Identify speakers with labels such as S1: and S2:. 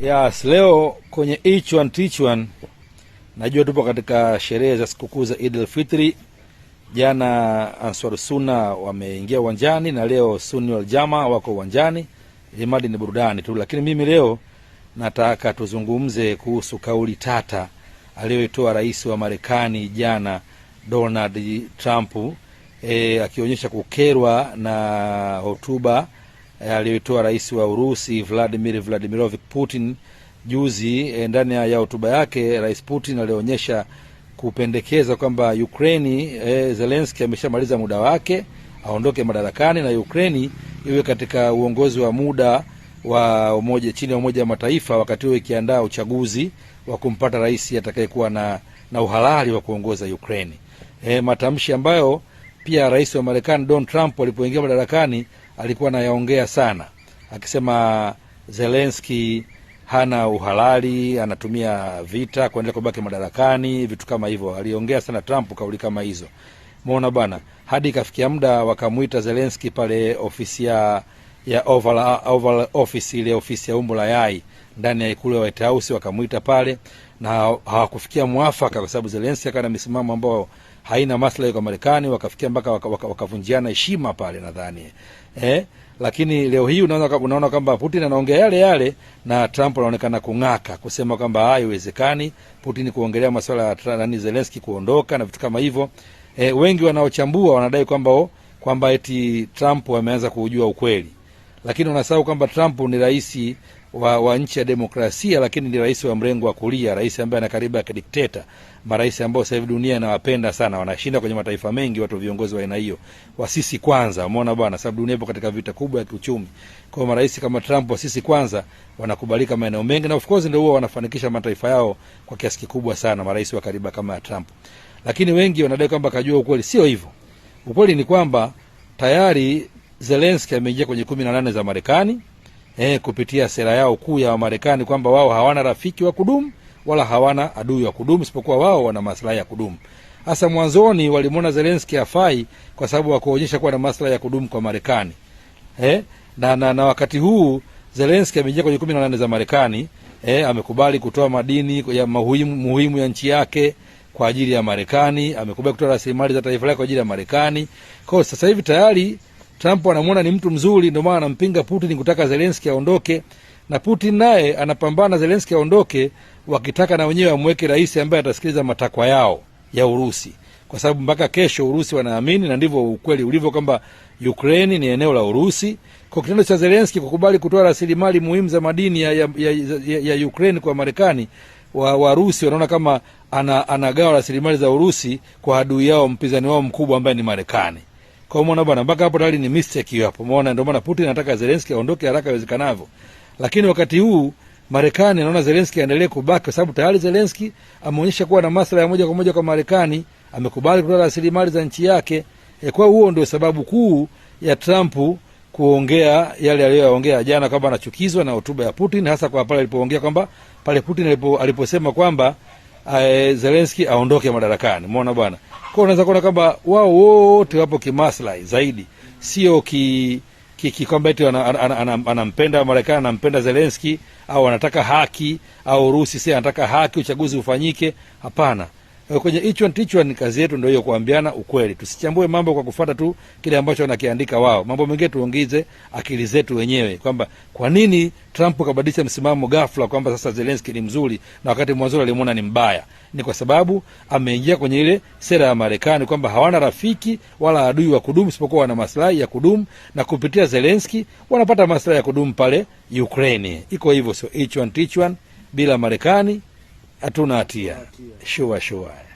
S1: Yes, leo kwenye each one teach one, najua tupo katika sherehe za sikukuu za Eid al-Fitri. Jana Answar Sunna wameingia uwanjani na leo Sunni wal Jamaa wako uwanjani, imadi ni burudani tu, lakini mimi leo nataka tuzungumze kuhusu kauli tata aliyoitoa rais wa Marekani jana Donald Trump, e, akionyesha kukerwa na hotuba Eh, aliyoitoa rais wa Urusi Vladimir Vladimirovich Putin juzi. Eh, ndani ya hotuba yake, rais Putin alionyesha kupendekeza kwamba Ukraini e, eh, Zelenski ameshamaliza muda wake aondoke madarakani na Ukraini iwe katika uongozi wa muda wa umoja chini ya Umoja wa Mataifa, wakati huo ikiandaa uchaguzi wa kumpata rais atakayekuwa na, na uhalali wa kuongoza Ukraini. E, matamshi ambayo pia rais wa Marekani Donald Trump alipoingia madarakani alikuwa anayaongea sana, akisema zelenski hana uhalali, anatumia vita kuendelea kubaki madarakani, vitu kama hivyo. Aliongea sana Trump kauli kama hizo, mona bana, hadi ikafikia muda wakamwita zelenski pale ofisi ya ya Oval, Oval Office, ile ofisi ya umbo la yai ndani ya ikulu ya White House, wakamwita pale na hawakufikia mwafaka, kwa sababu Zelenski akawa na misimamo ambao haina maslahi kwa Marekani, wakafikia mpaka wakavunjiana waka, waka heshima pale nadhani eh? Lakini leo hii unaona unaona kwamba Putin anaongea yale yale na Trump anaonekana kung'aka kusema kwamba ah, haiwezekani Putin kuongelea masuala ya nani Zelensky kuondoka na vitu kama hivyo. Eh, wengi wanaochambua wanadai kwamba oh, kwamba eti Trump ameanza kujua ukweli, lakini wanasahau kwamba Trump ni rais wa, wa nchi ya demokrasia, lakini ni rais wa mrengo wa kulia, rais ambaye ana karibu ya kidikteta, marais ambao sasa hivi dunia inawapenda sana, wanashinda kwenye mataifa mengi watu viongozi wa aina hiyo, wa sisi kwanza. Umeona bwana, sababu dunia ipo katika vita kubwa ya kiuchumi. Kwa hiyo marais kama Trump wa sisi kwanza wanakubalika maeneo mengi, na of course ndio huwa wanafanikisha mataifa yao kwa kiasi kikubwa sana, marais wa karibu kama ya Trump. Lakini wengi wanadai kwamba kajua ukweli, sio hivyo. Ukweli ni kwamba tayari Zelensky ameingia kwenye kumi na nane za Marekani eh, kupitia sera yao kuu ya Wamarekani kwamba wao hawana rafiki wa kudumu wala hawana adui wa kudumu isipokuwa wao wana maslahi ya kudumu. Hasa mwanzoni walimwona Zelenski afai kwa sababu wakuonyesha kuwa na maslahi ya kudumu kwa Marekani eh, na, na, na wakati huu Zelenski ameingia kwenye kumi na nane za Marekani eh, amekubali kutoa madini ya muhimu, muhimu ya nchi yake kwa ajili ya Marekani, amekubali kutoa rasilimali za taifa lake kwa ajili ya Marekani. Kwa hiyo sasa hivi tayari Trump anamwona ni mtu mzuri, ndio maana anampinga Putin kutaka Zelenski aondoke, na Putin naye anapambana Zelenski aondoke, wakitaka na wenyewe amweke rais ambaye atasikiliza matakwa yao ya Urusi, kwa sababu mpaka kesho Urusi wanaamini, na ndivyo ukweli ulivyo, kwamba Ukraini ni eneo la Urusi. Kwa kitendo cha Zelenski kukubali kutoa rasilimali muhimu za madini ya, ya, ya, ya, ya kwa Marekani, Warusi wa wanaona kama anagawa ana rasilimali za Urusi kwa adui yao, mpinzani wao mkubwa ambaye ni Marekani. Kwa hiyo bwana, mpaka hapo tayari ni mistake hapo. Umeona, ndio maana Putin anataka Zelensky aondoke haraka iwezekanavyo, lakini wakati huu Marekani anaona Zelensky aendelee kubaki kwa sababu tayari Zelensky ameonyesha kuwa na maslahi ya moja kwa moja kwa Marekani, amekubali kutoa rasilimali za nchi yake. E, kwa huo ndio sababu kuu ya Trump kuongea yale aliyoyaongea jana kwamba anachukizwa na hotuba ya Putin, hasa kwa pale alipoongea kwamba pale Putin aliposema kwamba ae, Zelenski aondoke madarakani. Umeona bwana, kwa unaweza kuona kwamba wao wote wapo kimaslahi zaidi, sio ki kwamba eti anampenda Marekani, anampenda Zelenski au anataka haki au Urusi si anataka haki uchaguzi ufanyike. Hapana. Eh, kwenye each one ni kazi yetu ndio hiyo, kuambiana ukweli. Tusichambue mambo kwa kufuata tu kile ambacho wanakiandika wao. Mambo mengine tuongeze akili zetu wenyewe, kwamba kwa nini Trump kabadilisha msimamo ghafla kwamba sasa zelenski ni mzuri na wakati mwanzuri alimwona ni mbaya. Ni kwa sababu ameingia kwenye ile sera ya Marekani kwamba hawana rafiki wala adui wa kudumu, isipokuwa wana maslahi ya kudumu, na kupitia zelenski wanapata maslahi ya kudumu pale ukraini Iko hivyo, sio each one teach one, bila Marekani hatuna hatia, shua shua.